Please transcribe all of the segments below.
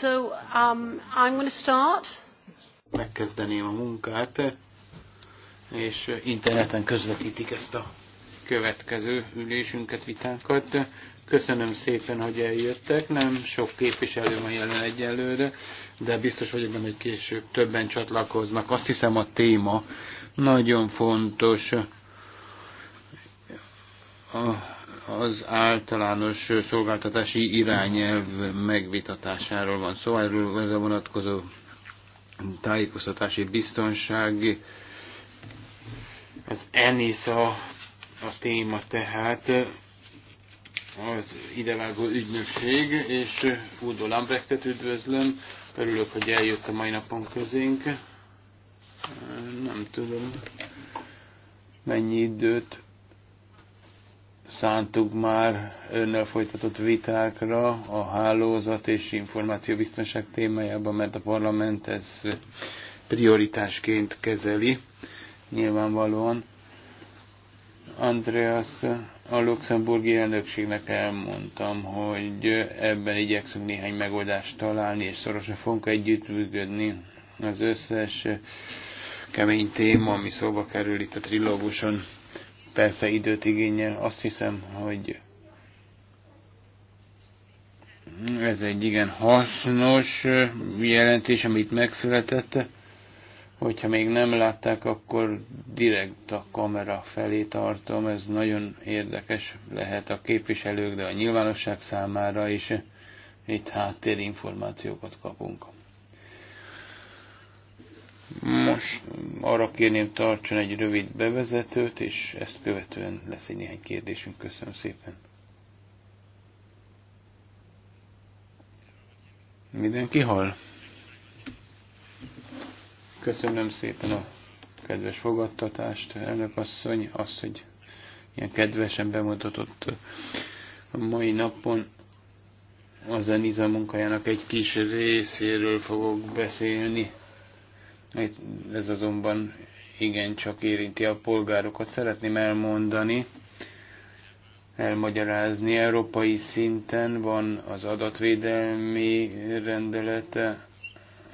So um, I'm going to start. Megkezdeném a munkát, és interneten közvetítik ezt a következő ülésünket, vitánkat. Köszönöm szépen, hogy eljöttek. Nem sok képviselő van jelen egyelőre, de biztos vagyok benne, hogy később többen csatlakoznak. Azt hiszem a téma nagyon fontos. A az általános szolgáltatási irányelv megvitatásáról van szó, szóval erről a vonatkozó tájékoztatási biztonság. Az a, a téma tehát az idevágó ügynökség, és Udo Lambrechtet üdvözlöm. Örülök, hogy eljött a mai napon közénk. Nem tudom, mennyi időt szántuk már önnel folytatott vitákra a hálózat és információbiztonság témájában, mert a parlament ez prioritásként kezeli, nyilvánvalóan. Andreas, a luxemburgi elnökségnek elmondtam, hogy ebben igyekszünk néhány megoldást találni, és szorosan fogunk együttműködni az összes kemény téma, ami szóba kerül itt a trilóguson persze időt igényel. Azt hiszem, hogy ez egy igen hasznos jelentés, amit megszületett. Hogyha még nem látták, akkor direkt a kamera felé tartom. Ez nagyon érdekes lehet a képviselők, de a nyilvánosság számára is. Itt háttérinformációkat kapunk. Most arra kérném, tartson egy rövid bevezetőt, és ezt követően lesz egy néhány kérdésünk. Köszönöm szépen. Mindenki hall? Köszönöm szépen a kedves fogadtatást, elnök asszony, azt, hogy ilyen kedvesen bemutatott a mai napon. A zeniza munkájának egy kis részéről fogok beszélni. Ez azonban igencsak érinti a polgárokat. Szeretném elmondani, elmagyarázni. Európai szinten van az adatvédelmi rendelete,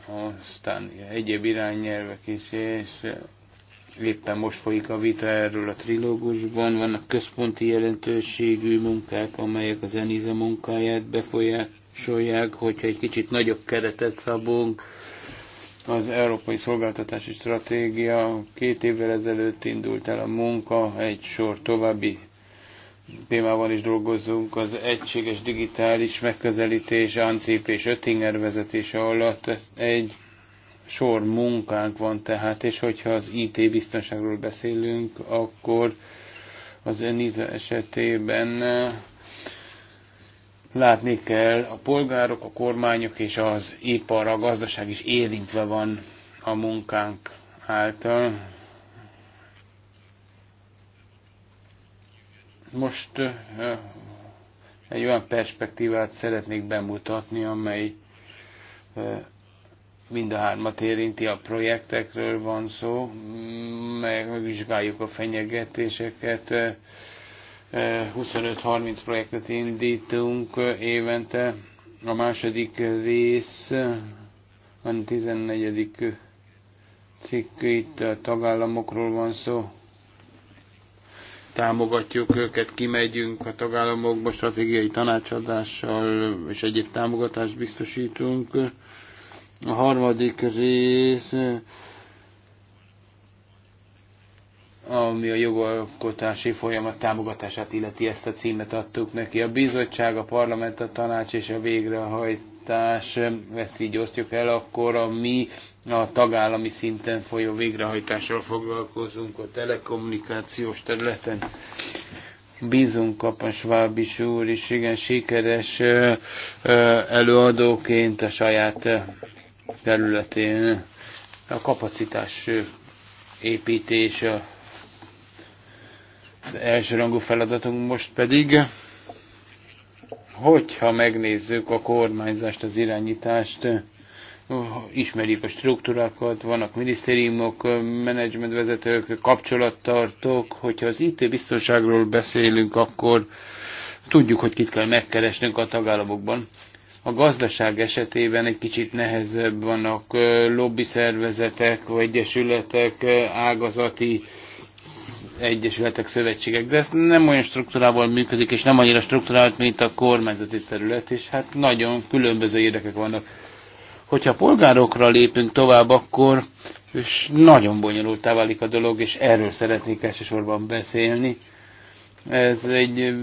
aztán egyéb irányelvek is, és éppen most folyik a vita erről a trilógusban. Vannak központi jelentőségű munkák, amelyek az ENISA munkáját befolyásolják, hogyha egy kicsit nagyobb keretet szabunk, az Európai Szolgáltatási Stratégia két évvel ezelőtt indult el a munka, egy sor további témában is dolgozunk, az egységes digitális megközelítés, ANCIP és Öttinger vezetése alatt egy sor munkánk van tehát, és hogyha az IT biztonságról beszélünk, akkor az ENISA esetében Látni kell, a polgárok, a kormányok és az ipar, a gazdaság is érintve van a munkánk által. Most egy olyan perspektívát szeretnék bemutatni, amely mind a hármat érinti, a projektekről van szó, meg megvizsgáljuk a fenyegetéseket, 25-30 projektet indítunk évente. A második rész, a 14. cikk, itt a tagállamokról van szó. Támogatjuk őket, kimegyünk a tagállamokba stratégiai tanácsadással, és egyéb támogatást biztosítunk. A harmadik rész ami a jogalkotási folyamat támogatását illeti, ezt a címet adtuk neki. A bizottság, a parlament, a tanács és a végrehajtás, ezt így osztjuk el, akkor a mi a tagállami szinten folyó végrehajtással foglalkozunk a telekommunikációs területen. Bízunk Kapan Svábis úr is, igen, sikeres előadóként a saját területén. A kapacitás építés, a elsőrangú feladatunk most pedig, hogyha megnézzük a kormányzást, az irányítást, ismerjük a struktúrákat, vannak minisztériumok, menedzsmentvezetők, kapcsolattartók, hogyha az IT biztonságról beszélünk, akkor tudjuk, hogy kit kell megkeresnünk a tagállamokban. A gazdaság esetében egy kicsit nehezebb vannak lobby szervezetek, vagy egyesületek, ágazati egyesületek, szövetségek, de ez nem olyan struktúrával működik, és nem annyira struktúrált, mint a kormányzati terület, és hát nagyon különböző érdekek vannak. Hogyha polgárokra lépünk tovább, akkor és nagyon bonyolultá válik a dolog, és erről szeretnék elsősorban beszélni. Ez egy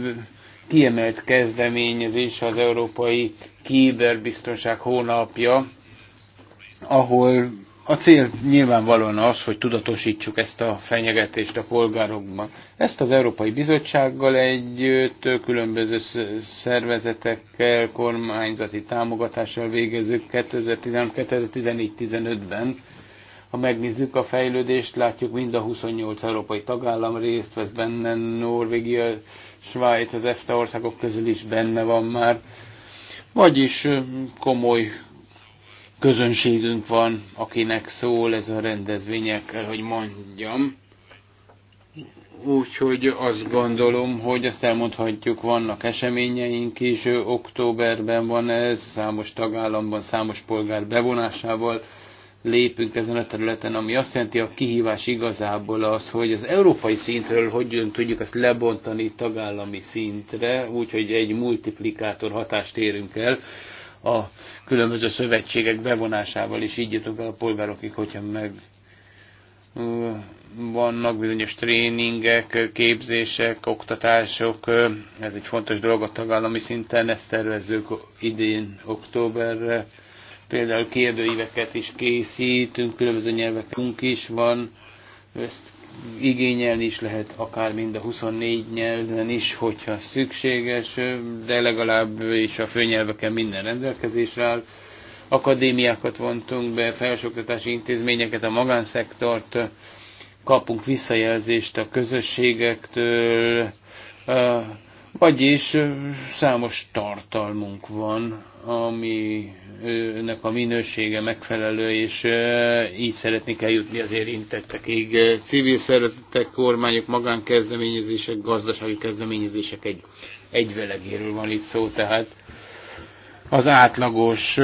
kiemelt kezdeményezés az Európai Kiberbiztonság hónapja, ahol a cél nyilvánvalóan az, hogy tudatosítsuk ezt a fenyegetést a polgárokban. Ezt az Európai Bizottsággal együtt, különböző szervezetekkel, kormányzati támogatással végezzük 2014-15-ben. Ha megnézzük a fejlődést, látjuk mind a 28 európai tagállam részt vesz benne, Norvégia, Svájc, az EFTA országok közül is benne van már. Vagyis komoly közönségünk van, akinek szól ez a rendezvények, hogy mondjam. Úgyhogy azt gondolom, hogy azt elmondhatjuk, vannak eseményeink is, októberben van ez, számos tagállamban, számos polgár bevonásával lépünk ezen a területen, ami azt jelenti, a kihívás igazából az, hogy az európai szintről hogyan tudjuk ezt lebontani tagállami szintre, úgyhogy egy multiplikátor hatást érünk el, a különböző szövetségek bevonásával, és így jutok el a polgárokig, hogyha meg vannak bizonyos tréningek, képzések, oktatások, ez egy fontos dolog a tagállami szinten, ezt tervezzük idén, októberre. Például kérdőíveket is készítünk, különböző nyelvekünk is van, ezt igényelni is lehet, akár mind a 24 nyelven is, hogyha szükséges, de legalább is a főnyelveken minden rendelkezésre áll. Akadémiákat vontunk be, felsőoktatási intézményeket, a magánszektort, kapunk visszajelzést a közösségektől, vagyis számos tartalmunk van, aminek a minősége megfelelő, és így szeretnék eljutni az érintettekig. Civil szervezetek, kormányok, magánkezdeményezések, gazdasági kezdeményezések egy egyvelegéről van itt szó, tehát az átlagos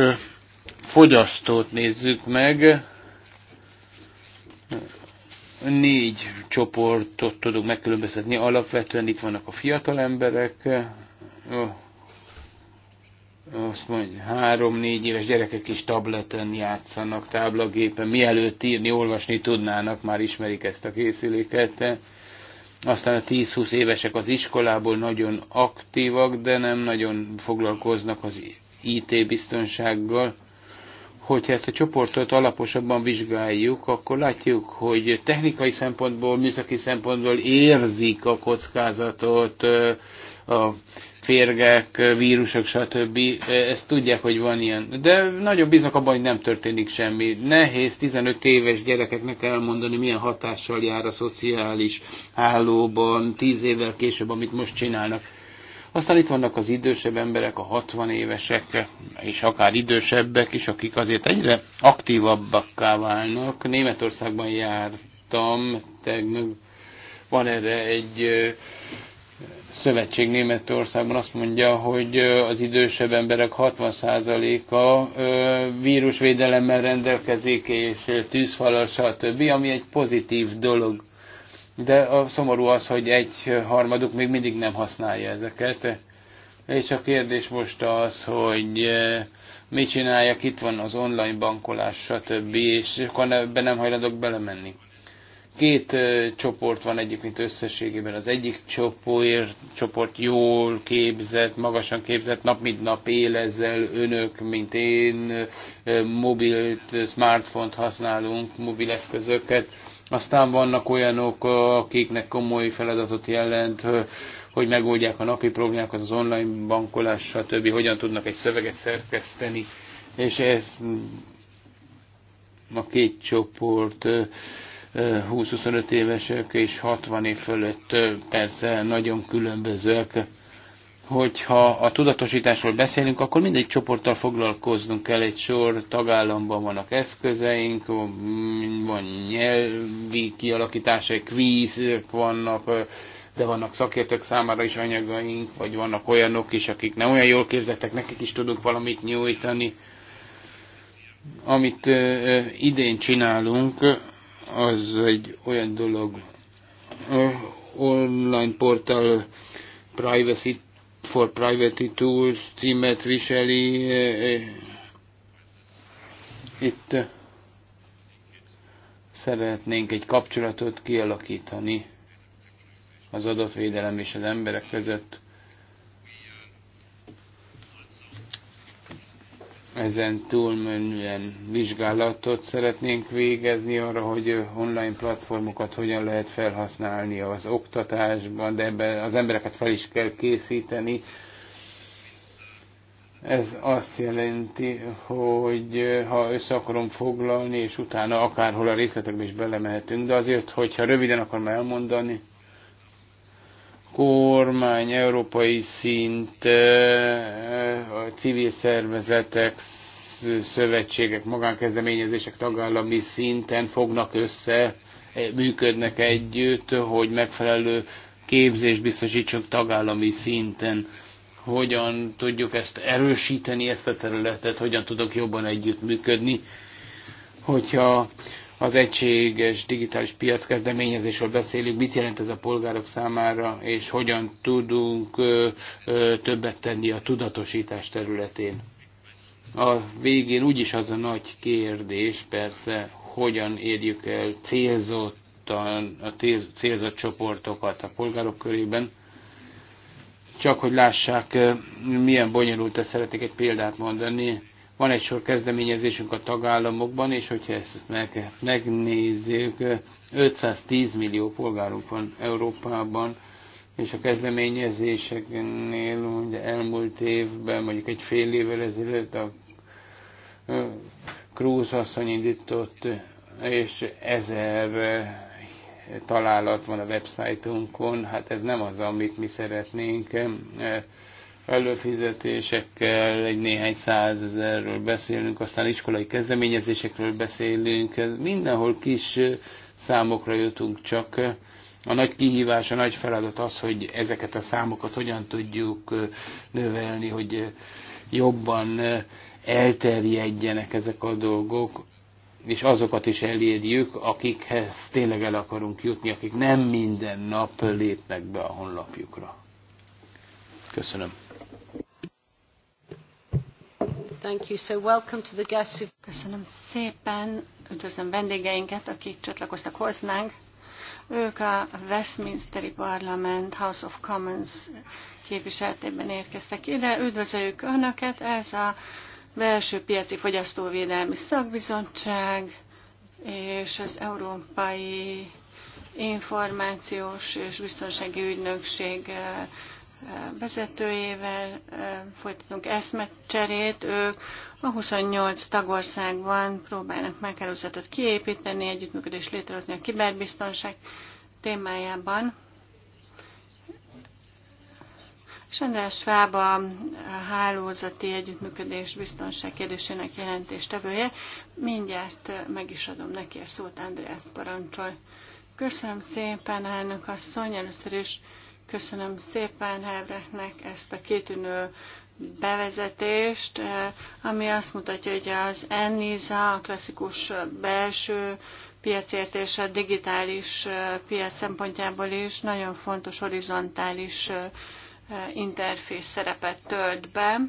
fogyasztót nézzük meg, Négy csoportot tudunk megkülönböztetni. Alapvetően itt vannak a fiatal emberek, azt mondja, három-négy éves gyerekek is tableten játszanak, táblagépen, mielőtt írni, olvasni tudnának, már ismerik ezt a készüléket. Aztán a 10-20 évesek az iskolából nagyon aktívak, de nem nagyon foglalkoznak az IT biztonsággal hogyha ezt a csoportot alaposabban vizsgáljuk, akkor látjuk, hogy technikai szempontból, műszaki szempontból érzik a kockázatot, a férgek, vírusok, stb. Ezt tudják, hogy van ilyen. De nagyon bíznak abban, hogy nem történik semmi. Nehéz 15 éves gyerekeknek elmondani, milyen hatással jár a szociális hálóban 10 évvel később, amit most csinálnak aztán itt vannak az idősebb emberek, a 60 évesek, és akár idősebbek is, akik azért egyre aktívabbakká válnak. Németországban jártam, tegnap van erre egy szövetség Németországban azt mondja, hogy az idősebb emberek 60%-a vírusvédelemmel rendelkezik, és tűzfalal, stb., ami egy pozitív dolog de a szomorú az, hogy egy harmaduk még mindig nem használja ezeket. És a kérdés most az, hogy eh, mit csináljak, itt van az online bankolás, stb. és akkor ebben nem hajlandok belemenni. Két eh, csoport van egyik mint összességében. Az egyik csoport, csoport jól képzett, magasan képzett, nap mint nap él ezzel, önök, mint én, eh, mobilt, smartphone használunk, mobileszközöket, aztán vannak olyanok, akiknek komoly feladatot jelent, hogy megoldják a napi problémákat, az online bankolás, stb. Hogyan tudnak egy szöveget szerkeszteni. És ez mm, a két csoport 20-25 évesek és 60 év fölött persze nagyon különbözőek hogyha a tudatosításról beszélünk, akkor mindegy csoporttal foglalkoznunk kell, egy sor tagállamban vannak eszközeink, van nyelvi kialakítások, kvízek vannak, de vannak szakértők számára is anyagaink, vagy vannak olyanok is, akik nem olyan jól képzettek, nekik is tudunk valamit nyújtani. Amit idén csinálunk, az egy olyan dolog, online portál privacy for Private Tools címet viseli. Eh, eh, itt eh, szeretnénk egy kapcsolatot kialakítani az adatvédelem és az emberek között. ezen túlmenően vizsgálatot szeretnénk végezni arra, hogy online platformokat hogyan lehet felhasználni az oktatásban, de ebben az embereket fel is kell készíteni. Ez azt jelenti, hogy ha össze akarom foglalni, és utána akárhol a részletekbe is belemehetünk, de azért, hogyha röviden akarom elmondani, kormány európai szint, a civil szervezetek, szövetségek, magánkezdeményezések tagállami szinten fognak össze, működnek együtt, hogy megfelelő képzés biztosítsunk tagállami szinten. Hogyan tudjuk ezt erősíteni, ezt a területet, hogyan tudok jobban együttműködni. Hogyha az egységes digitális piac kezdeményezésről beszélünk, mit jelent ez a polgárok számára, és hogyan tudunk ö, ö, többet tenni a tudatosítás területén. A végén úgyis az a nagy kérdés, persze, hogyan érjük el célzottan a célzott csoportokat a polgárok körében, csak hogy lássák, milyen bonyolult, ezt szeretnék egy példát mondani. Van egy sor kezdeményezésünk a tagállamokban, és hogyha ezt meg, megnézzük, 510 millió polgárunk van Európában, és a kezdeményezéseknél ugye elmúlt évben, mondjuk egy fél évvel ezelőtt a Krúz asszony indított, és ezer találat van a websájtunkon, hát ez nem az, amit mi szeretnénk előfizetésekkel, egy néhány százezerről beszélünk, aztán iskolai kezdeményezésekről beszélünk, mindenhol kis számokra jutunk, csak a nagy kihívás, a nagy feladat az, hogy ezeket a számokat hogyan tudjuk növelni, hogy jobban elterjedjenek ezek a dolgok, és azokat is elérjük, akikhez tényleg el akarunk jutni, akik nem minden nap lépnek be a honlapjukra. Köszönöm. Thank you. So welcome to the guests who... Köszönöm szépen, üdvözlöm vendégeinket, akik csatlakoztak hozzánk. Ők a Westminsteri Parlament House of Commons képviseletében érkeztek ide. Üdvözöljük Önöket, ez a belső piaci fogyasztóvédelmi szakbizottság és az Európai Információs és Biztonsági Ügynökség eh, vezetőjével folytatunk eszmecserét. Ők a 28 tagországban próbálnak meghálózatot kiépíteni, együttműködést létrehozni a kiberbiztonság témájában. Sándor Schwab a hálózati együttműködés biztonság kérdésének jelentéstevője. Mindjárt meg is adom neki a szót, András parancsol. Köszönöm szépen, elnök asszony, először is Köszönöm szépen Herbertnek ezt a kitűnő bevezetést, eh, ami azt mutatja, hogy az Enniza, a klasszikus belső piacért és a digitális eh, piac szempontjából is nagyon fontos horizontális eh, interfész szerepet tölt be,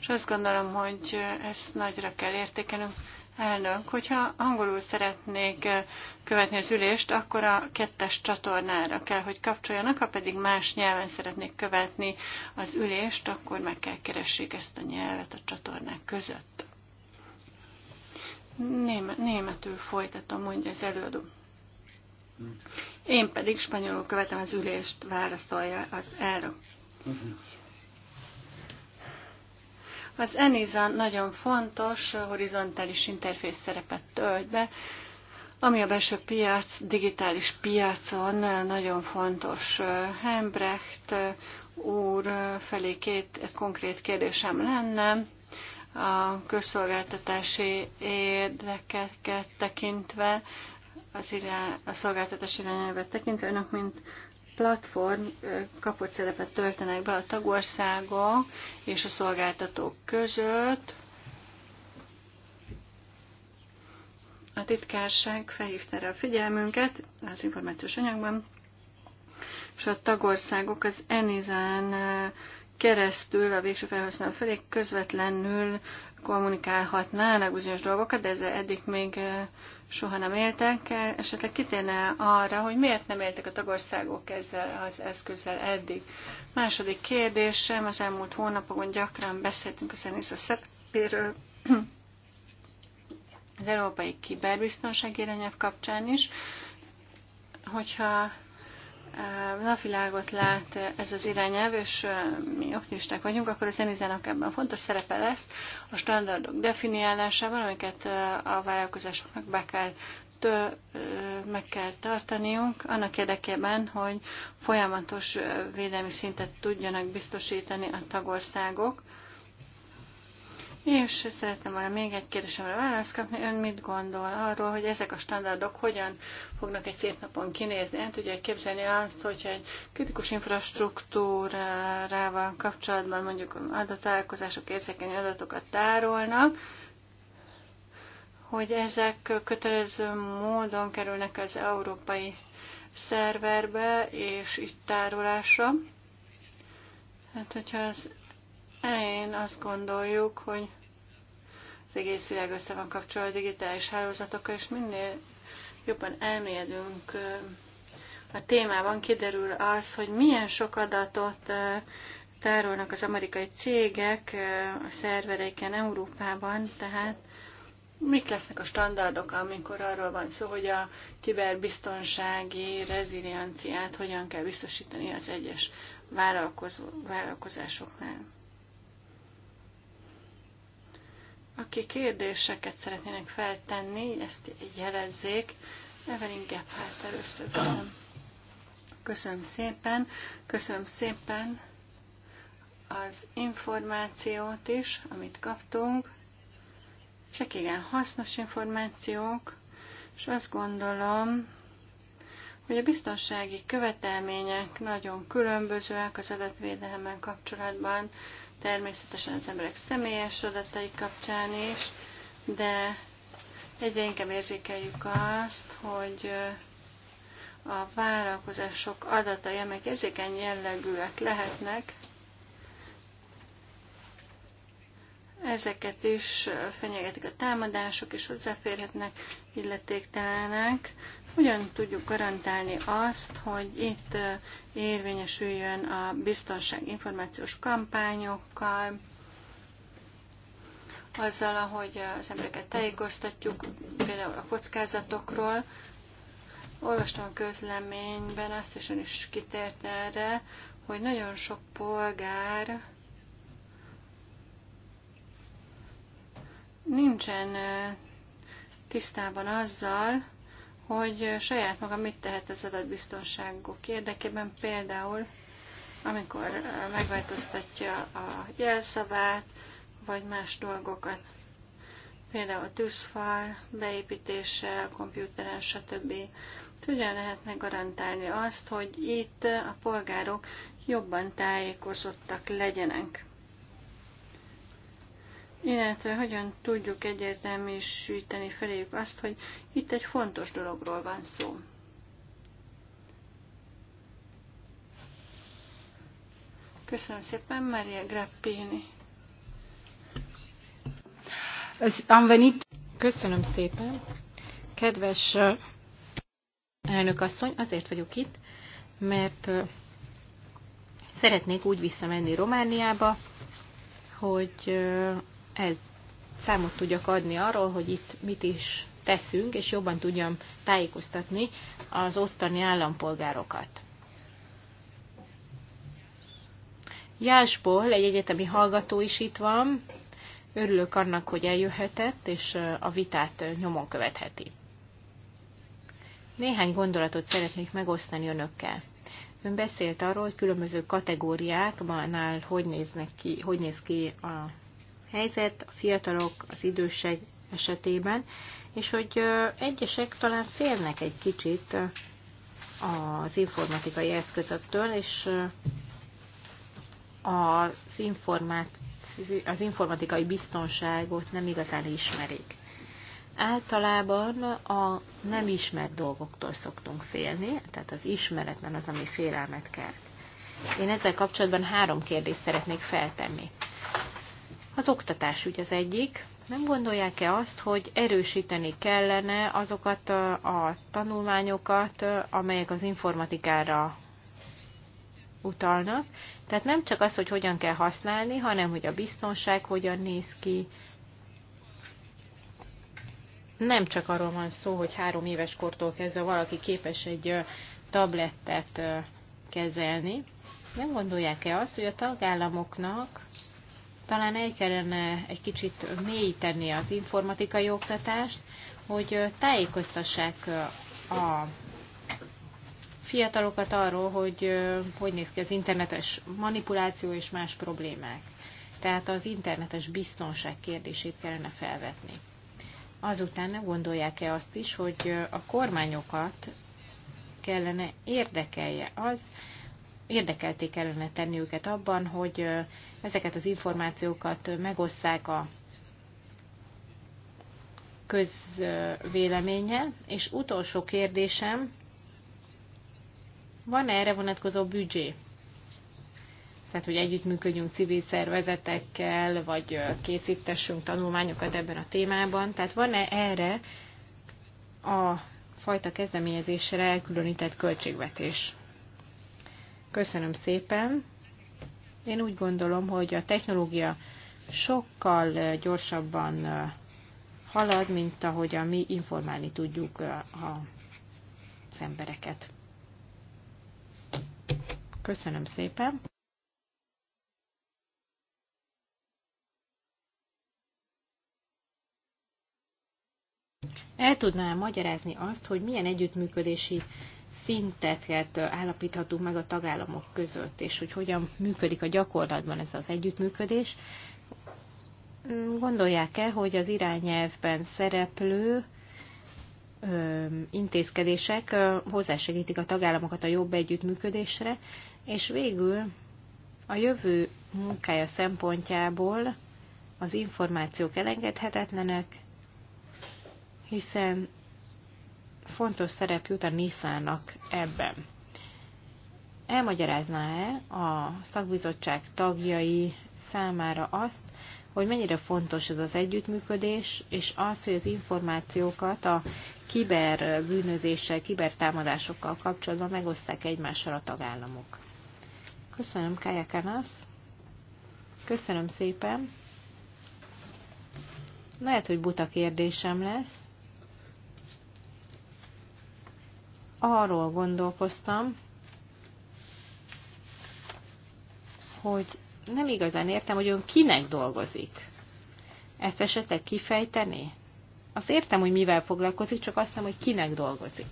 és azt gondolom, hogy ezt nagyra kell értékelnünk. Elnök, hogyha angolul szeretnék eh, követni az ülést, akkor a kettes csatornára kell, hogy kapcsoljanak, ha pedig más nyelven szeretnék követni az ülést, akkor meg kell keressék ezt a nyelvet a csatornák között. Németül folytatom, mondja az előadó. Én pedig spanyolul követem az ülést, válaszolja az elnök. Mhm. Az ENISA nagyon fontos horizontális interfész szerepet tölt be, ami a belső piac, digitális piacon nagyon fontos. Hembrecht úr felé két konkrét kérdésem lenne a közszolgáltatási érdekeket tekintve, az irá, a szolgáltatási irányelvet tekintve önök, mint platform kapott szerepet töltenek be a tagországok és a szolgáltatók között. A titkárság felhívta erre a figyelmünket az információs anyagban, és a tagországok az Enizán keresztül a végső felhasználó felé közvetlenül kommunikálhatnának bizonyos dolgokat, de ez eddig még soha nem éltek, esetleg kitérne arra, hogy miért nem éltek a tagországok ezzel az eszközzel eddig. Második kérdésem, az elmúlt hónapokon gyakran beszéltünk a zenész a szerepéről, az európai kiberbiztonsági irányelv kapcsán is, hogyha napvilágot lát ez az irányelv, és mi optimisták vagyunk, akkor az zenizának ebben fontos szerepe lesz a standardok definiálásában, amiket a vállalkozásoknak be kell tő, meg kell tartaniunk, annak érdekében, hogy folyamatos védelmi szintet tudjanak biztosítani a tagországok, és szeretném volna még egy kérdésemre választ kapni. Ön mit gondol arról, hogy ezek a standardok hogyan fognak egy szép napon kinézni? Nem tudja képzelni azt, hogy egy kritikus infrastruktúrával kapcsolatban mondjuk adatállalkozások érzékeny adatokat tárolnak, hogy ezek kötelező módon kerülnek az európai szerverbe és itt tárolásra. Hát, hogyha az elején azt gondoljuk, hogy az egész világ össze van kapcsolva a digitális hálózatokkal, és minél jobban elmélyedünk a témában, kiderül az, hogy milyen sok adatot tárolnak az amerikai cégek a szervereiken Európában, tehát mik lesznek a standardok, amikor arról van szó, hogy a kiberbiztonsági rezilienciát hogyan kell biztosítani az egyes vállalkozásoknál. Aki kérdéseket szeretnének feltenni, ezt jelezzék. Evelyn Gephardt először köszönöm. Köszönöm szépen, köszönöm szépen az információt is, amit kaptunk. Ezek igen hasznos információk, és azt gondolom, hogy a biztonsági követelmények nagyon különbözőek az adatvédelemmel kapcsolatban, természetesen az emberek személyes adatai kapcsán is, de egyre inkább érzékeljük azt, hogy a vállalkozások adatai, amelyek érzékeny jellegűek lehetnek, ezeket is fenyegetik a támadások, és hozzáférhetnek illetéktelenek. Hogyan tudjuk garantálni azt, hogy itt érvényesüljön a biztonság információs kampányokkal, azzal, ahogy az embereket tájékoztatjuk, például a kockázatokról. Olvastam a közleményben, azt is ön is kitért erre, hogy nagyon sok polgár nincsen tisztában azzal, hogy saját maga mit tehet az adatbiztonságok érdekében, például amikor megváltoztatja a jelszavát, vagy más dolgokat, például a tűzfal beépítése, a kompjúteren, stb. Hogyan lehetne garantálni azt, hogy itt a polgárok jobban tájékozottak legyenek? illetve hogyan tudjuk egyértelműsíteni feléjük azt, hogy itt egy fontos dologról van szó. Köszönöm szépen, Maria Grappini. Köszönöm szépen. Kedves uh, elnök asszony, azért vagyok itt, mert uh, szeretnék úgy visszamenni Romániába, hogy uh, ez számot tudjak adni arról, hogy itt mit is teszünk, és jobban tudjam tájékoztatni az ottani állampolgárokat. Jásból egy egyetemi hallgató is itt van. Örülök annak, hogy eljöhetett, és a vitát nyomon követheti. Néhány gondolatot szeretnék megosztani önökkel. Ön beszélt arról, hogy különböző kategóriákban hogy, néznek ki, hogy néz ki a helyzet a fiatalok, az idősek esetében, és hogy egyesek talán félnek egy kicsit az informatikai eszközöktől, és az, informát, az informatikai biztonságot nem igazán ismerik. Általában a nem ismert dolgoktól szoktunk félni, tehát az ismeretlen az, ami félelmet kelt. Én ezzel kapcsolatban három kérdést szeretnék feltenni. Az oktatás oktatásügy az egyik. Nem gondolják-e azt, hogy erősíteni kellene azokat a tanulmányokat, amelyek az informatikára utalnak? Tehát nem csak az, hogy hogyan kell használni, hanem hogy a biztonság hogyan néz ki. Nem csak arról van szó, hogy három éves kortól kezdve valaki képes egy tablettet kezelni. Nem gondolják-e azt, hogy a tagállamoknak talán el kellene egy kicsit mélyíteni az informatikai oktatást, hogy tájékoztassák a fiatalokat arról, hogy hogy néz ki az internetes manipuláció és más problémák. Tehát az internetes biztonság kérdését kellene felvetni. Azután ne gondolják-e azt is, hogy a kormányokat kellene érdekelje az, érdekelté kellene tenni őket abban, hogy ezeket az információkat megosztják a közvéleménye. És utolsó kérdésem, van -e erre vonatkozó büdzsé? Tehát, hogy együttműködjünk civil szervezetekkel, vagy készítessünk tanulmányokat ebben a témában. Tehát van-e erre a fajta kezdeményezésre elkülönített költségvetés? Köszönöm szépen! Én úgy gondolom, hogy a technológia sokkal gyorsabban halad, mint ahogyan mi informálni tudjuk az embereket. Köszönöm szépen! El tudnám magyarázni azt, hogy milyen együttműködési szinteket állapíthatunk meg a tagállamok között, és hogy hogyan működik a gyakorlatban ez az együttműködés. Gondolják-e, hogy az irányelvben szereplő intézkedések hozzásegítik a tagállamokat a jobb együttműködésre, és végül a jövő munkája szempontjából az információk elengedhetetlenek, hiszen fontos szerep jut a Nissannak ebben. Elmagyarázná-e a szakbizottság tagjai számára azt, hogy mennyire fontos ez az együttműködés, és az, hogy az információkat a kiberbűnözéssel, kibertámadásokkal kapcsolatban megosztják egymással a tagállamok. Köszönöm, Kaja Kanasz. Köszönöm szépen. Lehet, hogy buta kérdésem lesz, arról gondolkoztam, hogy nem igazán értem, hogy ön kinek dolgozik. Ezt esetleg kifejteni? Azt értem, hogy mivel foglalkozik, csak azt nem, hogy kinek dolgozik.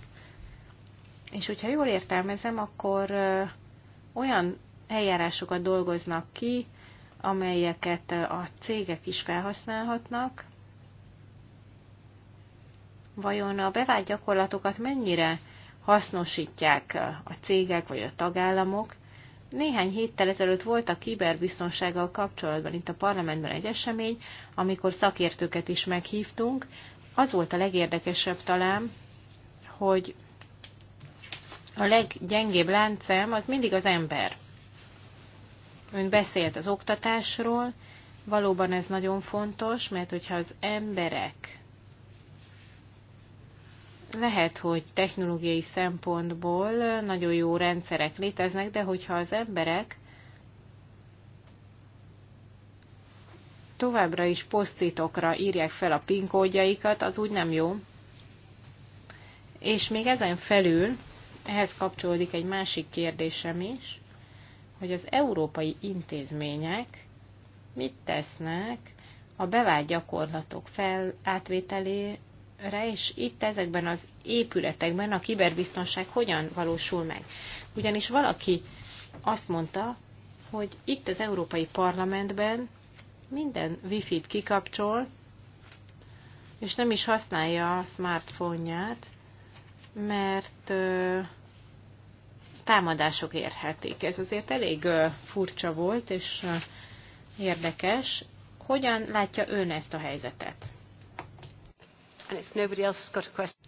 És hogyha jól értelmezem, akkor olyan eljárásokat dolgoznak ki, amelyeket a cégek is felhasználhatnak. Vajon a bevált gyakorlatokat mennyire hasznosítják eh, a cégek vagy a tagállamok. Néhány héttel ezelőtt volt a kiberbiztonsággal kapcsolatban itt a parlamentben egy esemény, amikor szakértőket is meghívtunk. Az volt a legérdekesebb talán, hogy a leggyengébb láncem az mindig az ember. Ön beszélt az oktatásról, valóban ez nagyon fontos, mert hogyha az emberek lehet, hogy technológiai szempontból nagyon jó rendszerek léteznek, de hogyha az emberek továbbra is posztitokra írják fel a PIN kódjaikat, az úgy nem jó. És még ezen felül, ehhez kapcsolódik egy másik kérdésem is, hogy az európai intézmények mit tesznek a bevált gyakorlatok fel átvételé, és itt ezekben az épületekben a kiberbiztonság hogyan valósul meg. Ugyanis valaki azt mondta, hogy itt az Európai Parlamentben minden wifi-t kikapcsol, és nem is használja a smartphone-ját, mert ö, támadások érhetik. Ez azért elég ö, furcsa volt, és ö, érdekes. Hogyan látja ön ezt a helyzetet?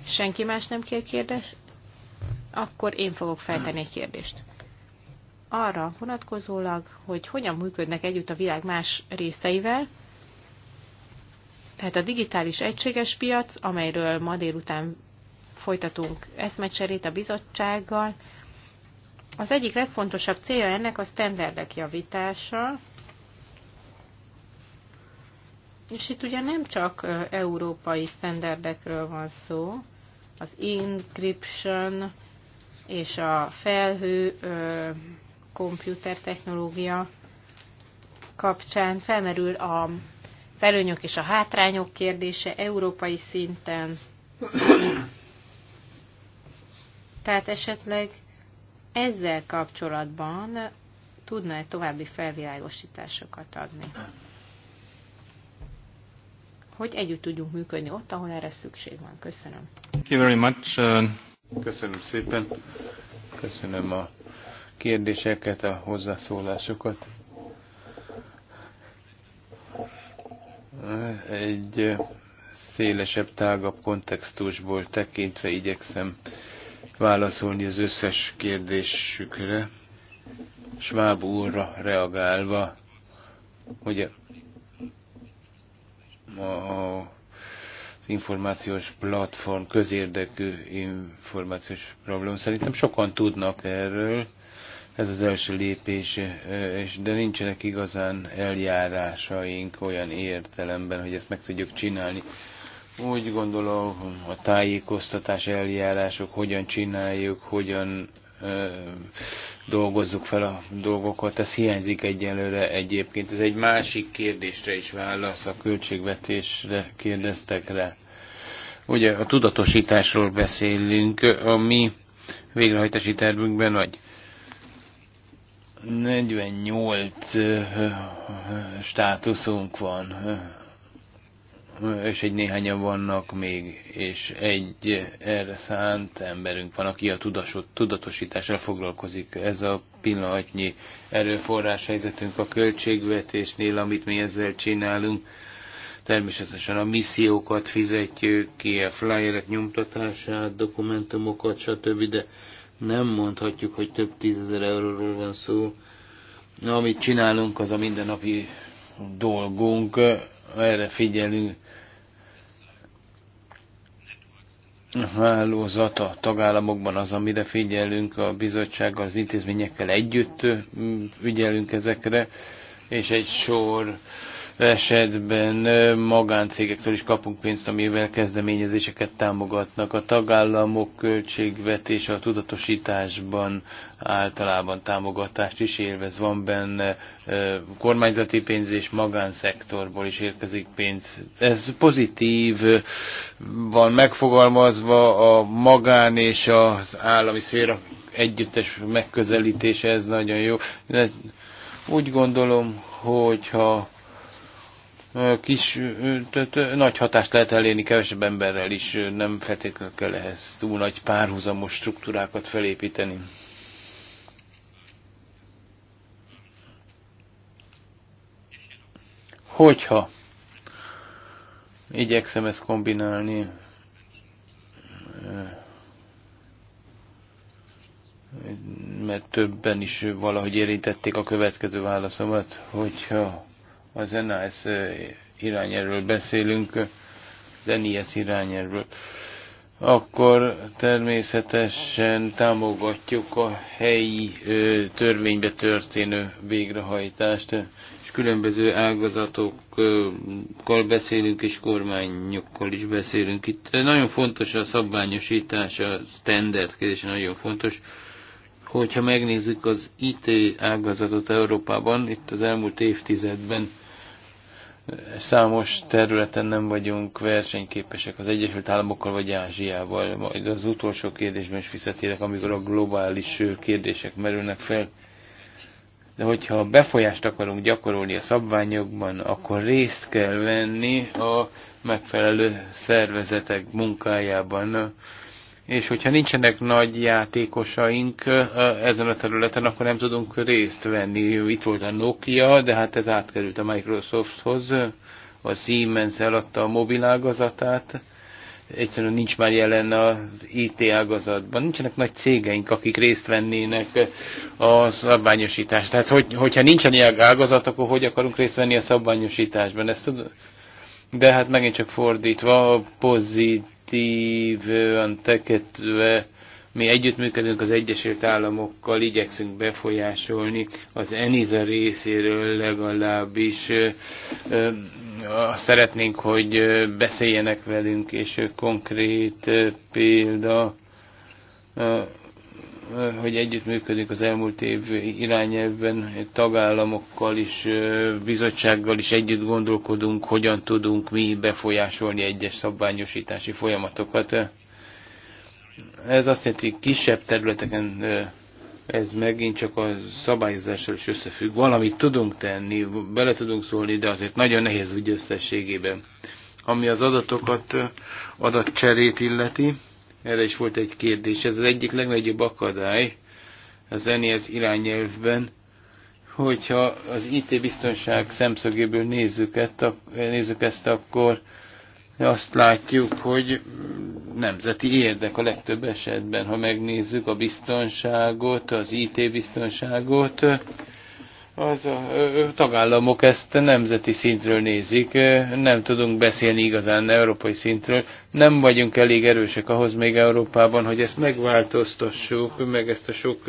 Senki más nem kér kérdés? Akkor én fogok feltenni egy kérdést. Arra vonatkozólag, hogy hogyan működnek együtt a világ más részeivel, tehát a digitális egységes piac, amelyről ma délután folytatunk eszmecserét a bizottsággal, az egyik legfontosabb célja ennek a standardek javítása, és itt ugye nem csak európai standardekről van szó, az encryption és a felhő ö, technológia kapcsán felmerül a felőnyök és a hátrányok kérdése európai szinten. Tehát esetleg ezzel kapcsolatban tudna-e további felvilágosításokat adni? hogy együtt tudjunk működni ott, ahol erre szükség van. Köszönöm. Thank you very much. Uh, Köszönöm szépen. Köszönöm a kérdéseket, a hozzászólásokat. Egy szélesebb, tágabb kontextusból tekintve igyekszem válaszolni az összes kérdésükre. Schwab úrra reagálva, hogy a, az információs platform, közérdekű információs problém. Szerintem sokan tudnak erről, ez az első lépés, és de nincsenek igazán eljárásaink olyan értelemben, hogy ezt meg tudjuk csinálni. Úgy gondolom, a tájékoztatás eljárások, hogyan csináljuk, hogyan dolgozzuk fel a dolgokat, ez hiányzik egyelőre egyébként. Ez egy másik kérdésre is válasz, a költségvetésre kérdeztek rá. Ugye a tudatosításról beszélünk, ami végrehajtási tervünkben nagy 48 státuszunk van és egy néhányan vannak még, és egy erre szánt emberünk van, aki a tudatosítással foglalkozik. Ez a pillanatnyi erőforrás helyzetünk a költségvetésnél, amit mi ezzel csinálunk. Természetesen a missziókat fizetjük ki, a flyerek nyomtatását, dokumentumokat, stb., de nem mondhatjuk, hogy több tízezer euróról van szó. Amit csinálunk, az a mindennapi dolgunk, erre figyelünk, hálózat a tagállamokban az, amire figyelünk, a bizottsággal, az intézményekkel együtt ügyelünk mm, ezekre, és egy sor esetben magáncégektől is kapunk pénzt, amivel kezdeményezéseket támogatnak. A tagállamok költségvetése a tudatosításban általában támogatást is élvez. Van benne kormányzati pénz és magánszektorból is érkezik pénz. Ez pozitív van megfogalmazva a magán és az állami szféra együttes megközelítése, ez nagyon jó. De úgy gondolom, hogyha kis, tehát nagy hatást lehet elérni kevesebb emberrel is, nem feltétlenül kell ehhez túl nagy párhuzamos struktúrákat felépíteni. Hogyha igyekszem ezt kombinálni, mert többen is valahogy érintették a következő válaszomat, hogyha a zenász irányerről beszélünk, zenész irányerről, akkor természetesen támogatjuk a helyi törvénybe történő végrehajtást, és különböző ágazatokkal beszélünk, és kormányokkal is beszélünk. Itt nagyon fontos a szabványosítás, a standard kérdése nagyon fontos Hogyha megnézzük az IT ágazatot Európában, itt az elmúlt évtizedben számos területen nem vagyunk versenyképesek az Egyesült Államokkal vagy Ázsiával. Majd az utolsó kérdésben is visszatérek, amikor a globális kérdések merülnek fel. De hogyha befolyást akarunk gyakorolni a szabványokban, akkor részt kell venni a megfelelő szervezetek munkájában és hogyha nincsenek nagy játékosaink ezen a területen, akkor nem tudunk részt venni. Itt volt a Nokia, de hát ez átkerült a Microsofthoz, a Siemens eladta a mobilágazatát, egyszerűen nincs már jelen az IT ágazatban. Nincsenek nagy cégeink, akik részt vennének a szabványosításban. Tehát hogy, hogyha nincsen ilyen ágazat, akkor hogy akarunk részt venni a szabványosításban? Ezt tudod? De hát megint csak fordítva, a pozit pozitívan tekintve mi együttműködünk az Egyesült Államokkal, igyekszünk befolyásolni az ENISA részéről legalábbis. Azt szeretnénk, hogy beszéljenek velünk, és konkrét példa hogy együttműködik az elmúlt év irányelvben tagállamokkal is, bizottsággal is együtt gondolkodunk, hogyan tudunk mi befolyásolni egyes szabványosítási folyamatokat. Ez azt jelenti, hogy kisebb területeken ez megint csak a szabályozással is összefügg. Valamit tudunk tenni, bele tudunk szólni, de azért nagyon nehéz úgy összességében. Ami az adatokat, adatcserét illeti, erre is volt egy kérdés. Ez az egyik legnagyobb akadály a zenéhez irányelvben, hogyha az IT biztonság szemszögéből nézzük ezt, nézzük ezt akkor azt látjuk, hogy nemzeti érdek a legtöbb esetben, ha megnézzük a biztonságot, az IT biztonságot, az a tagállamok ezt nemzeti szintről nézik, nem tudunk beszélni igazán európai szintről, nem vagyunk elég erősek ahhoz még Európában, hogy ezt megváltoztassuk, meg ezt a sok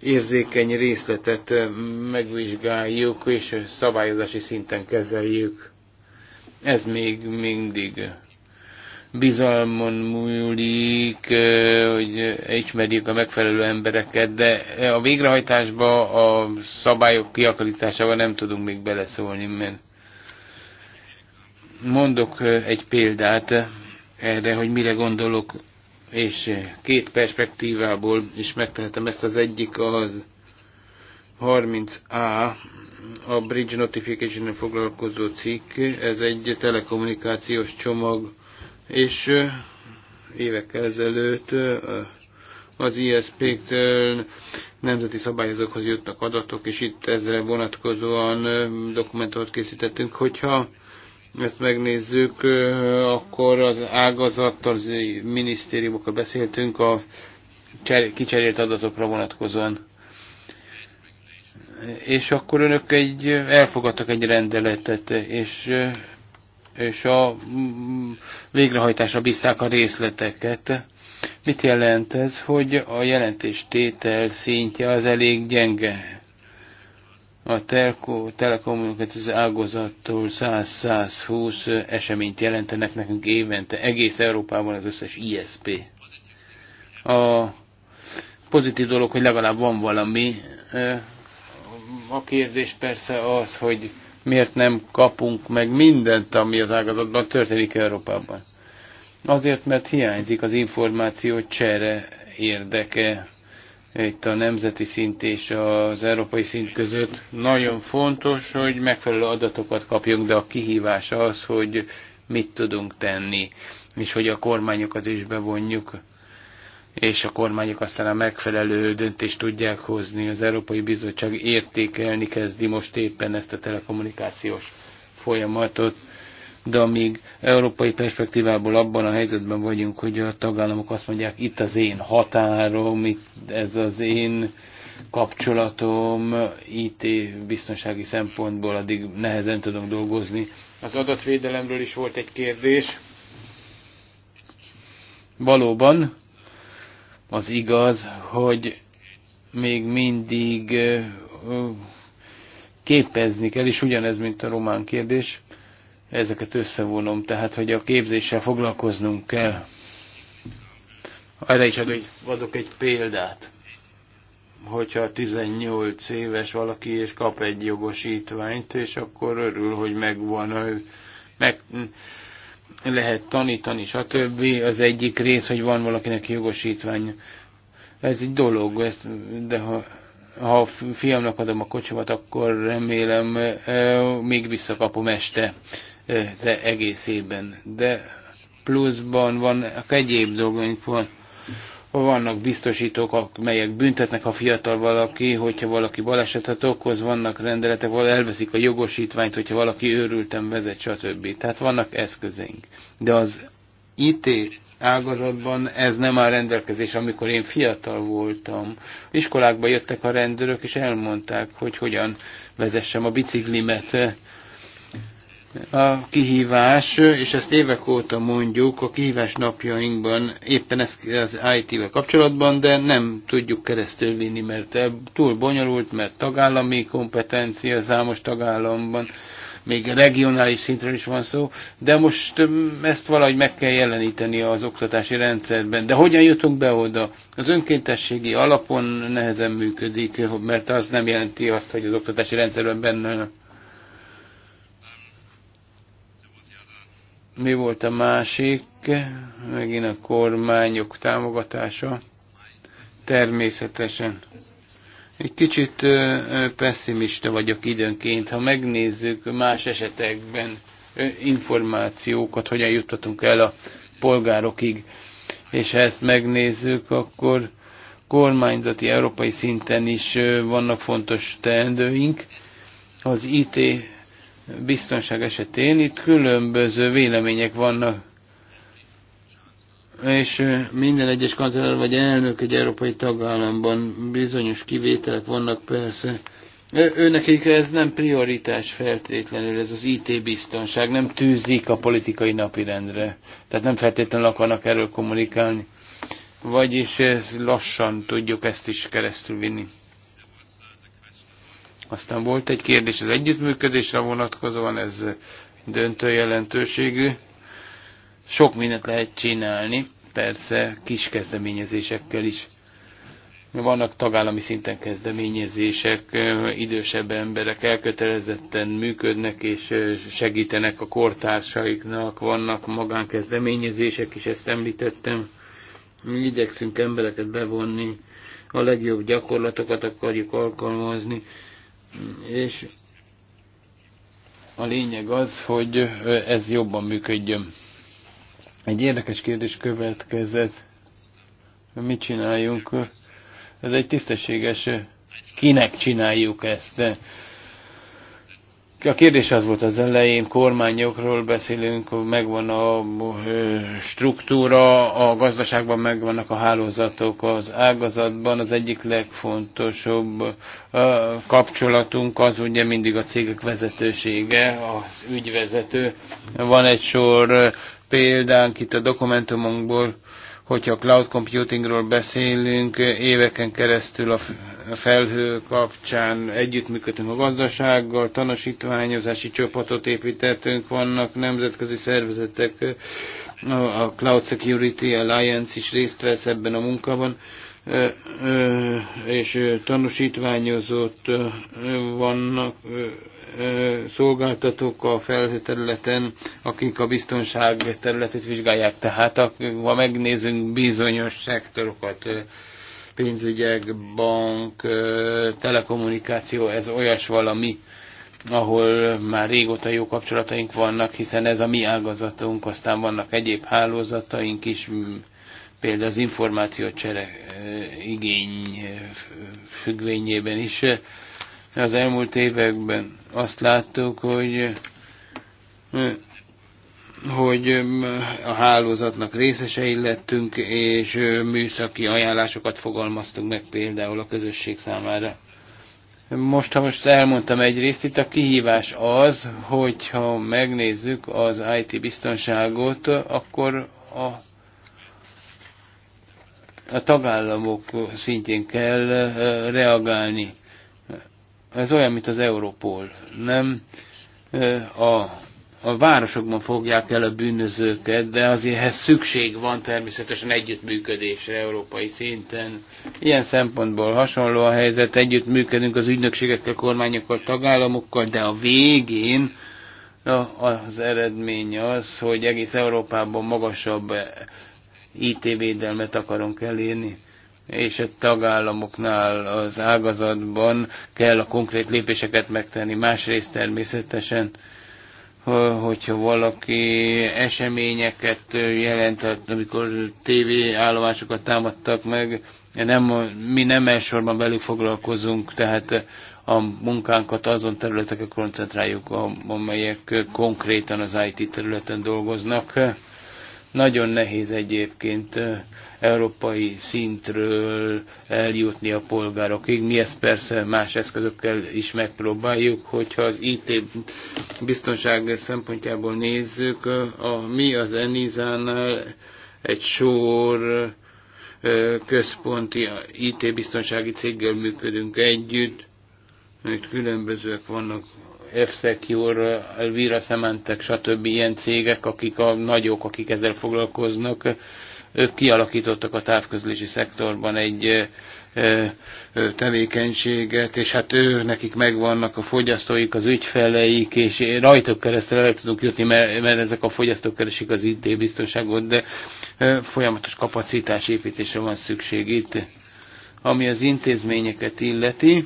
érzékeny részletet megvizsgáljuk, és szabályozási szinten kezeljük. Ez még mindig bizalmon múlik, hogy ismerjük a megfelelő embereket, de a végrehajtásba, a szabályok kiakarításával nem tudunk még beleszólni, mert mondok egy példát erre, hogy mire gondolok, és két perspektívából is megtehetem ezt az egyik az 30A, a Bridge Notification-en foglalkozó cikk, ez egy telekommunikációs csomag, és évekkel ezelőtt az ISP-től nemzeti szabályozókhoz jutnak adatok, és itt ezzel vonatkozóan dokumentumot készítettünk. Hogyha ezt megnézzük, akkor az ágazattal, az minisztériumokkal beszéltünk a kicserélt adatokra vonatkozóan. És akkor önök egy, elfogadtak egy rendeletet, és és a mm, végrehajtásra bízták a részleteket. Mit jelent ez, hogy a jelentéstétel szintje az elég gyenge? A telko, telekommunikációs ágazattól 100-120 eseményt jelentenek nekünk évente, egész Európában az összes ISP. A pozitív dolog, hogy legalább van valami. A kérdés persze az, hogy miért nem kapunk meg mindent, ami az ágazatban történik Európában. Azért, mert hiányzik az információ csere érdeke itt a nemzeti szint és az európai szint között. Nagyon fontos, hogy megfelelő adatokat kapjunk, de a kihívás az, hogy mit tudunk tenni, és hogy a kormányokat is bevonjuk és a kormányok aztán a megfelelő döntést tudják hozni. Az Európai Bizottság értékelni kezdi most éppen ezt a telekommunikációs folyamatot, de amíg európai perspektívából abban a helyzetben vagyunk, hogy a tagállamok azt mondják, itt az én határom, itt ez az én kapcsolatom, IT biztonsági szempontból addig nehezen tudunk dolgozni. Az adatvédelemről is volt egy kérdés. Valóban, az igaz, hogy még mindig képezni kell, és ugyanez, mint a román kérdés, ezeket összevonom, tehát, hogy a képzéssel foglalkoznunk kell. Erre is adok egy példát. Hogyha 18 éves valaki, és kap egy jogosítványt, és akkor örül, hogy megvan, hogy meg, lehet tanítani, stb. Az egyik rész, hogy van valakinek jogosítvány. Ez egy dolog, ezt, de ha, ha a fiamnak adom a kocsimat, akkor remélem még visszakapom este, de egész évben. De pluszban van egyéb dolgunk, van vannak biztosítók, amelyek büntetnek, ha fiatal valaki, hogyha valaki balesetet okoz, vannak rendeletek, ahol elveszik a jogosítványt, hogyha valaki őrültem vezet, stb. Tehát vannak eszközeink. De az IT ágazatban ez nem áll rendelkezés, amikor én fiatal voltam. Iskolákba jöttek a rendőrök, és elmondták, hogy hogyan vezessem a biciklimet a kihívás, és ezt évek óta mondjuk a kihívás napjainkban, éppen ez az IT-vel kapcsolatban, de nem tudjuk vinni, mert túl bonyolult, mert tagállami kompetencia számos tagállamban, még regionális szintről is van szó, de most um, ezt valahogy meg kell jeleníteni az oktatási rendszerben. De hogyan jutunk be oda? Az önkéntességi alapon nehezen működik, mert az nem jelenti azt, hogy az oktatási rendszerben benne Mi volt a másik? Megint a kormányok támogatása. Természetesen. Egy kicsit pessimista vagyok időnként, ha megnézzük más esetekben információkat, hogyan juttatunk el a polgárokig, és ha ezt megnézzük, akkor kormányzati európai szinten is vannak fontos teendőink. Az IT biztonság esetén. Itt különböző vélemények vannak, és minden egyes kancellár vagy elnök egy európai tagállamban bizonyos kivételek vannak persze. Őnek ez nem prioritás feltétlenül, ez az IT-biztonság, nem tűzik a politikai napirendre. Tehát nem feltétlenül akarnak erről kommunikálni. Vagyis ez lassan tudjuk ezt is keresztül vinni. Aztán volt egy kérdés az együttműködésre vonatkozóan, ez döntő jelentőségű. Sok mindent lehet csinálni, persze kis kezdeményezésekkel is. Vannak tagállami szinten kezdeményezések, idősebb emberek elkötelezetten működnek és segítenek a kortársaiknak, vannak magánkezdeményezések is, ezt említettem. Mi igyekszünk embereket bevonni, a legjobb gyakorlatokat akarjuk alkalmazni, és a lényeg az, hogy ez jobban működjön. Egy érdekes kérdés következett. Mit csináljunk? Ez egy tisztességes, kinek csináljuk ezt? De a kérdés az volt az elején, kormányokról beszélünk, megvan a struktúra, a gazdaságban megvannak a hálózatok, az ágazatban az egyik legfontosabb kapcsolatunk az ugye mindig a cégek vezetősége, az ügyvezető. Van egy sor példánk itt a dokumentumunkból, Hogyha cloud computingról beszélünk, éveken keresztül a felhő kapcsán együttműködünk a gazdasággal, tanúsítványozási csapatot építettünk, vannak nemzetközi szervezetek, a Cloud Security Alliance is részt vesz ebben a munkában, és tanúsítványozott vannak szolgáltatók a felhő területen, akik a biztonság területét vizsgálják. Tehát ha megnézünk bizonyos szektorokat, pénzügyek, bank, telekommunikáció, ez olyas valami, ahol már régóta jó kapcsolataink vannak, hiszen ez a mi ágazatunk, aztán vannak egyéb hálózataink is, például az információcsere igény függvényében is az elmúlt években azt láttuk, hogy hogy a hálózatnak részesei lettünk, és műszaki ajánlásokat fogalmaztunk meg például a közösség számára. Most, ha most elmondtam egy részt, itt a kihívás az, hogyha megnézzük az IT biztonságot, akkor a, a tagállamok szintjén kell reagálni ez olyan, mint az Európol. Nem a, a városokban fogják el a bűnözőket, de azért ehhez szükség van természetesen együttműködésre európai szinten. Ilyen szempontból hasonló a helyzet, együttműködünk az ügynökségekkel, kormányokkal, tagállamokkal, de a végén az eredmény az, hogy egész Európában magasabb IT védelmet akarunk elérni és a tagállamoknál az ágazatban kell a konkrét lépéseket megtenni. Másrészt természetesen, hogyha valaki eseményeket jelentett, hát amikor TV állomásokat támadtak meg, nem, mi nem elsősorban velük foglalkozunk, tehát a munkánkat azon területekre koncentráljuk, amelyek konkrétan az IT területen dolgoznak. Nagyon nehéz egyébként európai szintről eljutni a polgárokig. Mi ezt persze más eszközökkel is megpróbáljuk, hogyha az IT biztonság szempontjából nézzük, a, mi az Enizánál egy sor központi IT-biztonsági céggel működünk együtt, mert különbözőek vannak, F-Secure, Elvira Sementek, stb. ilyen cégek, akik a nagyok, akik ezzel foglalkoznak, ők kialakítottak a távközlési szektorban egy tevékenységet, és hát ő, nekik megvannak a fogyasztóik, az ügyfeleik, és rajtuk keresztül el tudunk jutni, mert, mert ezek a fogyasztók keresik az IT biztonságot, de folyamatos kapacitás építésre van szükség itt. Ami az intézményeket illeti,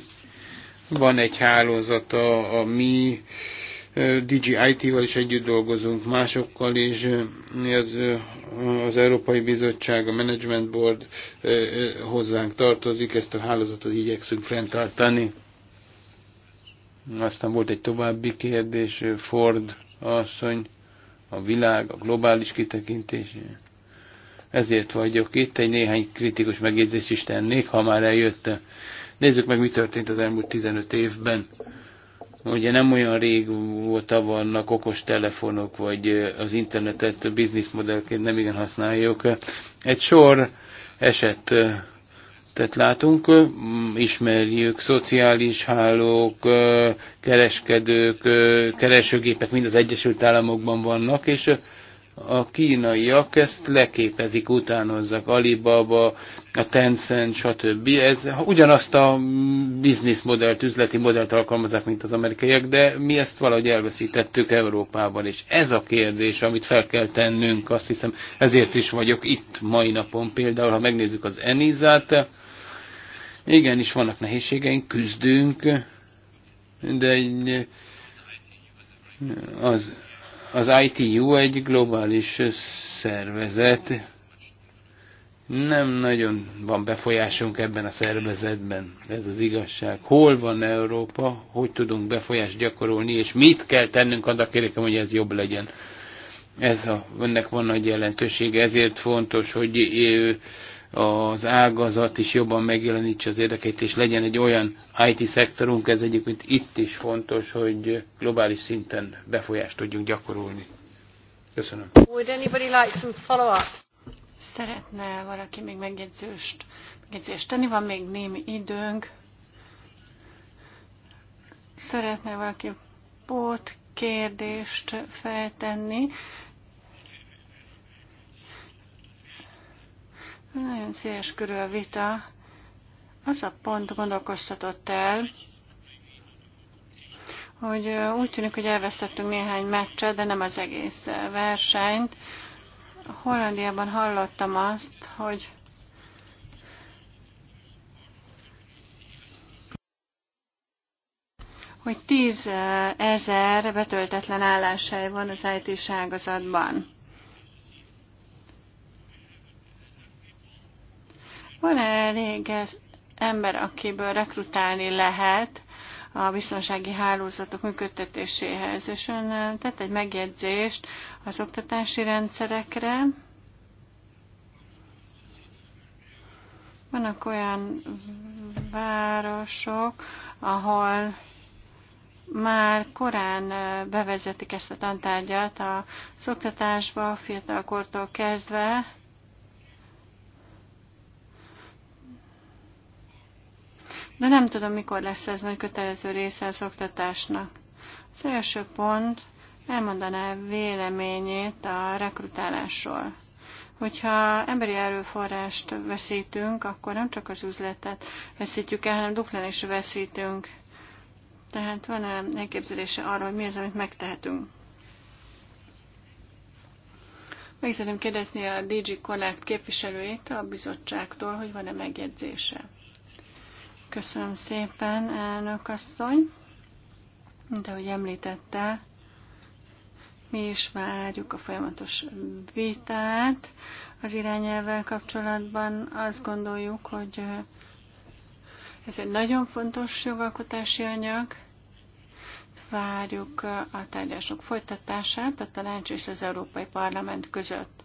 van egy hálózata a mi it val is együtt dolgozunk, másokkal is, az, az Európai Bizottság, a Management Board hozzánk tartozik, ezt a hálózatot igyekszünk fenntartani. Aztán volt egy további kérdés, Ford asszony, a világ, a globális kitekintés. Ezért vagyok itt, egy néhány kritikus megjegyzést is tennék, ha már eljött. Nézzük meg, mi történt az elmúlt 15 évben. Ugye nem olyan rég óta vannak okos telefonok, vagy az internetet bizniszmodellként nem igen használjuk. Egy sor eset tehát látunk, ismerjük, szociális hálók, kereskedők, keresőgépek mind az Egyesült Államokban vannak, és a kínaiak ezt leképezik, utánozzak, Alibaba, a Tencent, stb. Ez ugyanazt a bizniszmodellt, üzleti modellt alkalmazzák, mint az amerikaiak, de mi ezt valahogy elveszítettük Európában, és ez a kérdés, amit fel kell tennünk, azt hiszem, ezért is vagyok itt mai napon. Például, ha megnézzük az Enizát, is vannak nehézségeink, küzdünk, de egy, az az ITU egy globális szervezet, nem nagyon van befolyásunk ebben a szervezetben, ez az igazság. Hol van Európa, hogy tudunk befolyást gyakorolni, és mit kell tennünk annak érdekében, hogy ez jobb legyen. Ez a, ennek van nagy jelentősége, ezért fontos, hogy az ágazat is jobban megjelenítse az érdekeit, és legyen egy olyan IT-szektorunk, ez egyébként itt is fontos, hogy globális szinten befolyást tudjunk gyakorolni. Köszönöm. Would anybody like some follow-up? Szeretne valaki még megjegyzést, megjegyzést tenni? Van még némi időnk. Szeretne valaki pót kérdést feltenni? Nagyon széles körül a vita. Az a pont gondolkoztatott el, hogy úgy tűnik, hogy elvesztettünk néhány meccset, de nem az egész versenyt. Hollandiában hallottam azt, hogy hogy tízezer betöltetlen álláshely van az IT-ságazatban. Van -e elég ez ember, akiből rekrutálni lehet a biztonsági hálózatok működtetéséhez? És ön tett egy megjegyzést az oktatási rendszerekre. Vannak olyan városok, ahol már korán bevezetik ezt a tantárgyat a szoktatásba, fiatal kortól kezdve, de nem tudom, mikor lesz ez majd kötelező része az oktatásnak. Az első pont elmondaná véleményét a rekrutálásról. Hogyha emberi erőforrást veszítünk, akkor nem csak az üzletet veszítjük el, hanem duplán is veszítünk. Tehát van-e elképzelése arról, hogy mi az, amit megtehetünk? Meg szeretném kérdezni a DG Connect képviselőjét a bizottságtól, hogy van-e megjegyzése. Köszönöm szépen, elnök asszony. De ahogy említette, mi is várjuk a folyamatos vitát az irányelvvel kapcsolatban. Azt gondoljuk, hogy ez egy nagyon fontos jogalkotási anyag. Várjuk a tárgyások folytatását a tanács és az Európai Parlament között.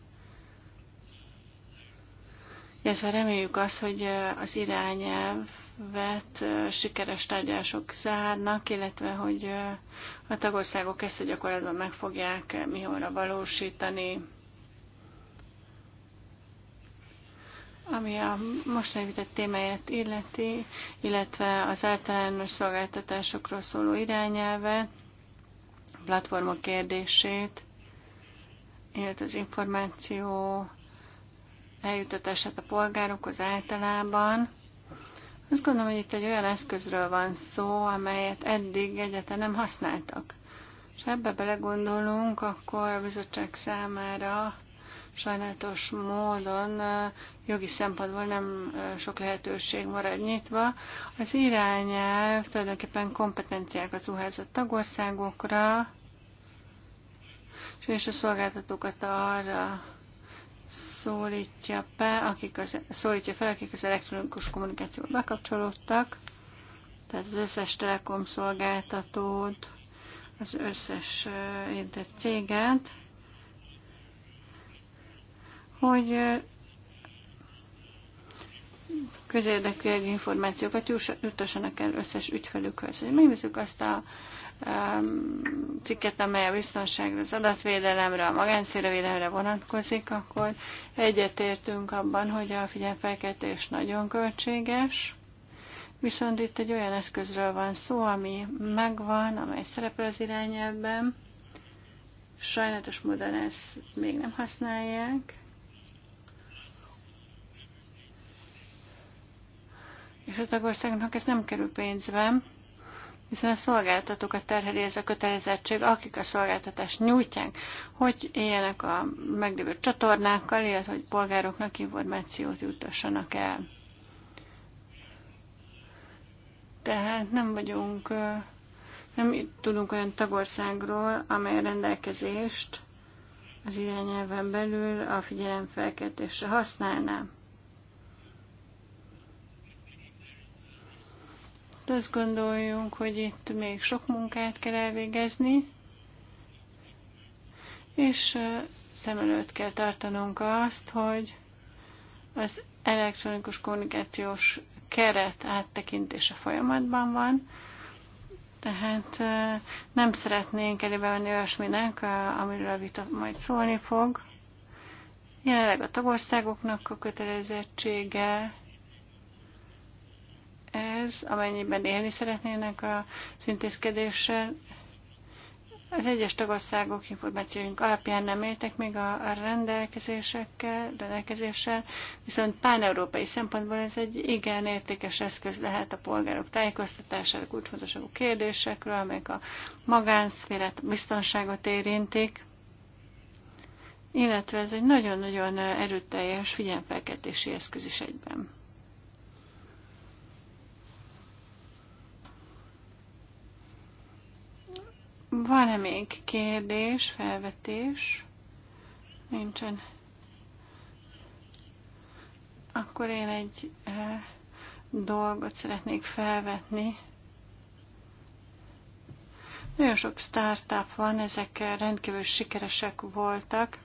Illetve reméljük azt, hogy az irányelv vett sikeres tárgyalások zárnak, illetve hogy a tagországok ezt a gyakorlatban meg fogják mihonra valósítani. Ami a mostani vitett témáját illeti, illetve az általános szolgáltatásokról szóló irányelve, platformok kérdését, illetve az információ eljutatását a polgárokhoz általában, azt gondolom, hogy itt egy olyan eszközről van szó, amelyet eddig egyáltalán nem használtak. És ha ebbe belegondolunk, akkor a bizottság számára sajnálatos módon jogi szempontból nem sok lehetőség marad nyitva. Az irányelv tulajdonképpen kompetenciákat ruházott tagországokra, és a szolgáltatókat arra szólítja, be, akik az, szólítja fel, akik az elektronikus kommunikációt bekapcsolódtak, tehát az összes telekom szolgáltatót, az összes érintett céget, hogy közérdekű információkat jutassanak el összes ügyfelükhöz. Megnézzük azt a Um, cikket, amely a biztonságra, az adatvédelemre, a magánszérevédelemre vonatkozik, akkor egyetértünk abban, hogy a figyelfelkeltés nagyon költséges, viszont itt egy olyan eszközről van szó, ami megvan, amely szerepel az irányelvben, sajnálatos módon ezt még nem használják, és a tagországnak ez nem kerül pénzbe hiszen a szolgáltatókat terheli ez a kötelezettség, akik a szolgáltatást nyújtják, hogy éljenek a meglévő csatornákkal, illetve hogy polgároknak információt jutassanak el. Tehát nem vagyunk, nem tudunk olyan tagországról, amely rendelkezést az irányelven belül a figyelemfelkeltésre használná. De hát azt gondoljunk, hogy itt még sok munkát kell elvégezni, és szem előtt kell tartanunk azt, hogy az elektronikus kommunikációs keret áttekintése folyamatban van, tehát nem szeretnénk elébe venni olyasminek, amiről a vita majd szólni fog. Jelenleg a tagországoknak a kötelezettsége ez, amennyiben élni szeretnének az intézkedéssel. Az egyes tagországok információink alapján nem éltek még a rendelkezésekkel, rendelkezéssel, viszont pán-európai szempontból ez egy igen értékes eszköz lehet a polgárok tájékoztatására, kulcsfontosságú kérdésekről, amelyek a magánszféret biztonságot érintik illetve ez egy nagyon-nagyon erőteljes figyelmfelkeltési eszköz is egyben. Van-e még kérdés, felvetés? Nincsen. Akkor én egy e, dolgot szeretnék felvetni. Nagyon sok startup van, ezek rendkívül sikeresek voltak.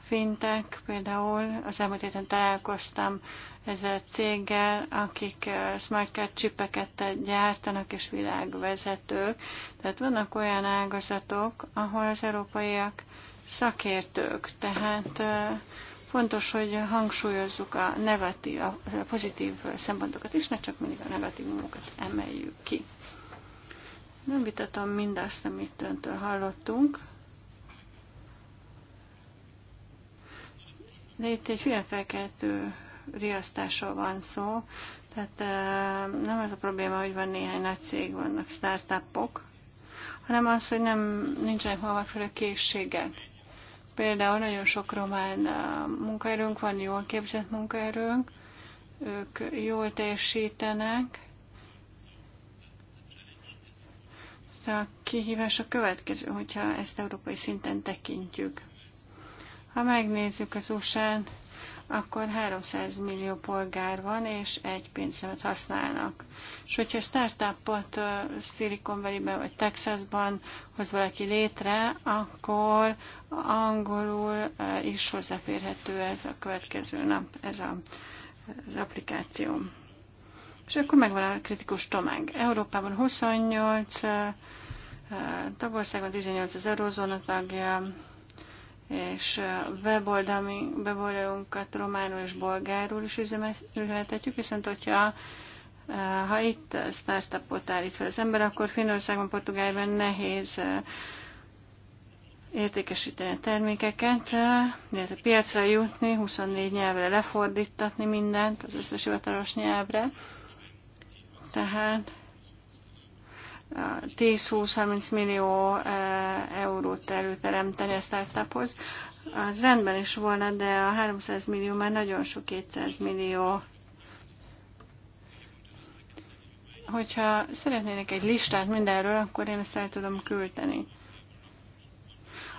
Fintek például, az elmúlt héten találkoztam ezzel a céggel, akik smartcard csipeket gyártanak és világvezetők. Tehát vannak olyan ágazatok, ahol az európaiak szakértők, tehát fontos, hogy hangsúlyozzuk a negatív, a pozitív szempontokat is, ne csak mindig a negatívumokat emeljük ki. Nem vitatom mindazt, amit öntől hallottunk. De itt egy hülyefelkeltő riasztásról van szó, tehát nem az a probléma, hogy van néhány nagy cég, vannak startupok, hanem az, hogy nem nincsenek ma megfelelő készségek. Például nagyon sok román munkaerőnk van, jól képzett munkaerőnk, ők jól teljesítenek. A kihívás a következő, hogyha ezt európai szinten tekintjük. Ha megnézzük az usa akkor 300 millió polgár van, és egy pénzemet használnak. És hogyha startupot Silicon Valley-ben vagy Texasban hoz valaki létre, akkor angolul is hozzáférhető ez a következő nap, ez a, az applikáció. És akkor megvan a kritikus tömeg. Európában 28 tagországban 18 az Eurózóna tagja, és weboldalmi, weboldalunkat románul és bolgárul is üzemeltetjük, viszont hogyha eh, ha itt startupot állít fel az ember, akkor Finnországban, Portugálban nehéz eh, értékesíteni a termékeket, eh, illetve piacra jutni, 24 nyelvre lefordítatni mindent, az összes hivatalos nyelvre. Tehát 10-20-30 millió e, eurót előteremteni a startuphoz. Az rendben is volna, de a 300 millió már nagyon sok 200 millió. Hogyha szeretnének egy listát mindenről, akkor én ezt el tudom küldeni.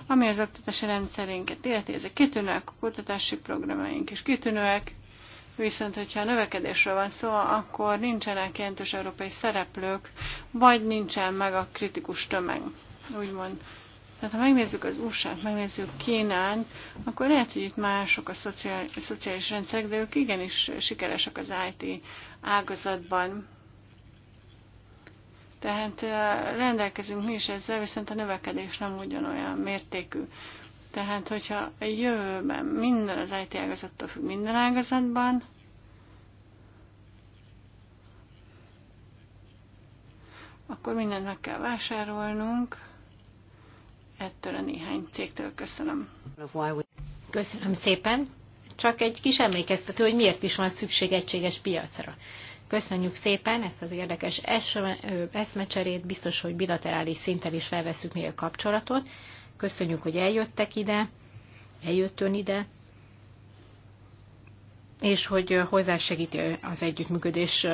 Ami az oktatási rendszerénket illeti, ezek kitűnőek, a kutatási programjaink is kitűnőek, Viszont, hogyha a növekedésről van szó, akkor nincsenek jelentős európai szereplők, vagy nincsen meg a kritikus tömeg, úgymond. Tehát ha megnézzük az USA-t, megnézzük Kínán, akkor lehet, hogy itt mások a szociális, a szociális rendszerek, de ők igenis sikeresek az IT ágazatban. Tehát rendelkezünk mi is ezzel, viszont a növekedés nem ugyanolyan mértékű. Tehát, hogyha a jövőben minden az IT ágazattól függ minden ágazatban, akkor mindent meg kell vásárolnunk. Ettől a néhány cégtől köszönöm. Köszönöm szépen. Csak egy kis emlékeztető, hogy miért is van szükség egységes piacra. Köszönjük szépen ezt az érdekes eszmecserét, biztos, hogy bilaterális szinten is felveszünk még a kapcsolatot. Köszönjük, hogy eljöttek ide, eljött ön ide, és hogy hozzásegíti az együttműködés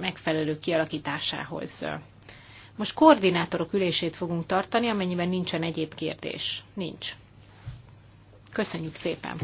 megfelelő kialakításához. Most koordinátorok ülését fogunk tartani, amennyiben nincsen egyéb kérdés. Nincs. Köszönjük szépen!